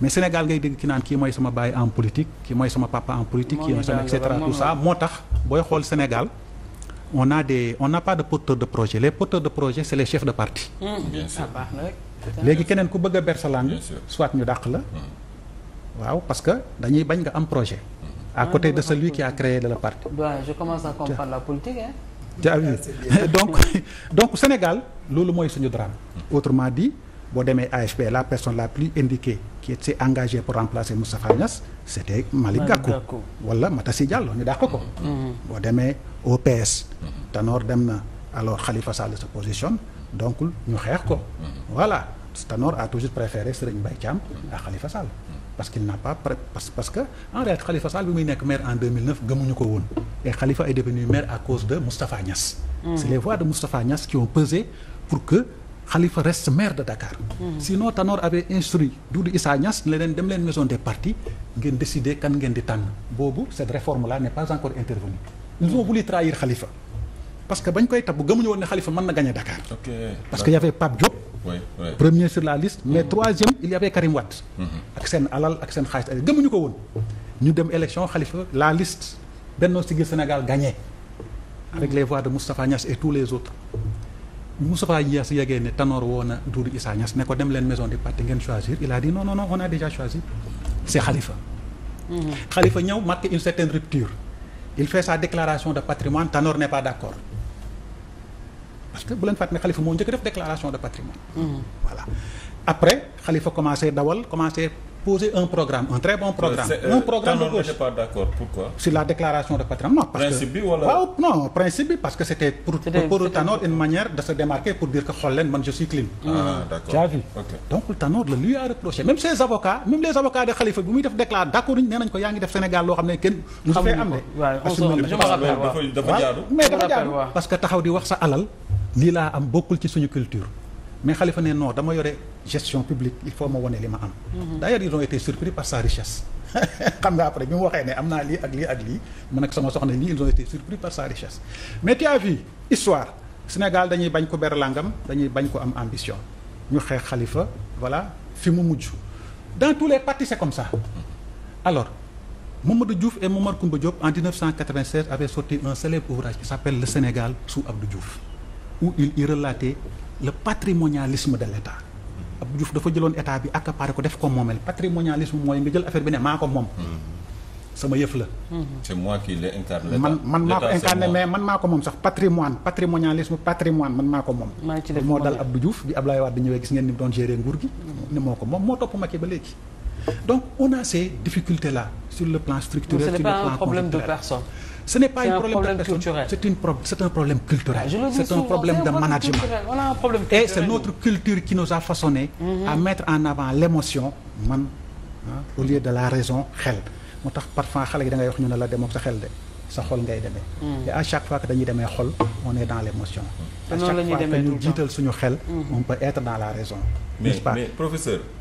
mais Sénégal ngay dégg ki naan kii mooy sama baay en politique ki mooy sama papa en politique kii mooy sama et cetera tout ça moo tax booy xool Sénégal on a des on n'a de porteur de projet les porteurs de projet c'est les chefs de parti mmh. léegi keneen ku bëgg a ber sa langue soit ñu dàq la mmh. waaw parce que dañuy bañ nga am projet mmh. à côté ah, de sa qui a créé le parti je la politique ah, donc donc Sénégal loolu mooy suñu drame autrement dit boo demee AFP la personne la plus indiquée qui s'est engagée pour remplacer Moustapha Niass c'était Malick Gakou wala Matassi Diallo ñu dàq ko mm-hmm. boo demee OPS Tanor dem na alors Khalifa Sall se positionne donc ñu xeex ko mm-hmm. voilà Tanor a toujours préféré Serigne Mbaye Thiam à Khalifa Sall parce qu'il n'a pas parce, que en réalité Khalifa Sall bi muy nekk maire en 2009 gëmuñu ko woon et Khalifa est devenu maire à cause de Moustapha Niass mm-hmm. c'est les voix de Moustapha Niass qui ont pesé xalifa reste maire de Dakar. Hmm. sinon Tanor avait instruit Doudou Issa Niass ne leen dem leen maison des partis ngeen décider kan ngeen di tànn boobu cette réforme là n'est pas encore intervenue. ils ont voulu trahir Khalifa. parce que bañ koy tabb gëmuñu woon ne Khalifa mën na gagner Dakar. ok parce que y avait Pape Diop. Oui, premier sur la liste. mais hmm. troisième il y Karim Wade. Hmm. ak seen alal ak seen xaalis gëmuñu ko woon. ñu dem élection Khalifa la liste Benno Siggil Sénégal gagné. avec les voix de les autres. Moustapha Niasse yegee ne Tanor woo na Doudou Issa Niasse ne ko dem leen maison du parti ngeen choisir il a dit non non non a déjà choisi c' est Khalifa. Mhm. Khalifa ñëw marqué une rupture. il fait sa déclaration de patrimoine Tanor n' est pas d' parce que bu leen fàttali ne Khalifa moo njëkk def déclaration de patrimoine. Mhm. voilà après xalifa commencé dawal commencé. poser un programme un très bon programme. Euh, un euh, programme de gauche pas d'accord pourquoi. sur la parce que wala... pour pour Tanor une manière de se démarquer pour dire que xool leen man je suis clean. ah mm. d'accord tu as vu. Okay. donc a reproché même ses avocats même les avocats de Khalifa bi muy def déclare d'accord ñu ko yaa ngi def Sénégal loo xam ne kenn. musu fee am de. mais dafa jaadu parce que taxaw di wax sa alal lii laa am bokkul ci suñu culture. mais xalifa ne non dama yore gestion publique il faut ma wone li ma am. Mhm. d'ailleurs ils ont été surpris par sa richesse. xam nga après bi mu waxee ne am naa lii ak lii ak lii man ak sama soxna lii ils ont été surpris par sa richesse mais tu as histoire Sénégal dañuy bañ ko ber langam dañuy bañ ko am ambition ñu xeex xalifa voilà fi mu mujj dans tous les partis c'est comme ça alors Mamadou Diouf et Momar Koumba Diop en 1996 avaient sorti un célèbre ouvrage qui où il y relatait le patrimonialisme de l'État Abdou Diouf dafa jëloon état bi accaparé ko def ko moomel patrimonialisme mooy nga jël affaire bi ne maa ko moom mm-hmm. la mm-hmm. c'est moi qui l'ai incarné ko incarné mais man maa ko moom sax patrimoine patrimonialisme patrimoine man maa ko moom moo dal Abdou Diouf bi Abdoulaye Wade ñëwee gis ngeen ni doon gérer nguur gi mm-hmm. ni moo ko moom moo topp Macky ba léegi donc on a ces difficultés là sur le plan structurel. sur le plan un problème de personne. ce n'est pas un problème de personne c'est une pro c'est un problème culturel. c'est un problème de management. et notre culture qui nous a façonné. à mhm. mettre en avant l'émotion man au lieu de la raison xel. moo tax parfois xale yi da ngay ñu ne la demoon sa xel de sa xol ngay demee. Mhm. et à chaque fois que dañuy demee xol on est dans l'émotion. à chaque fois que ñu jiital suñu xel. Mhm. on peut être dans la raison.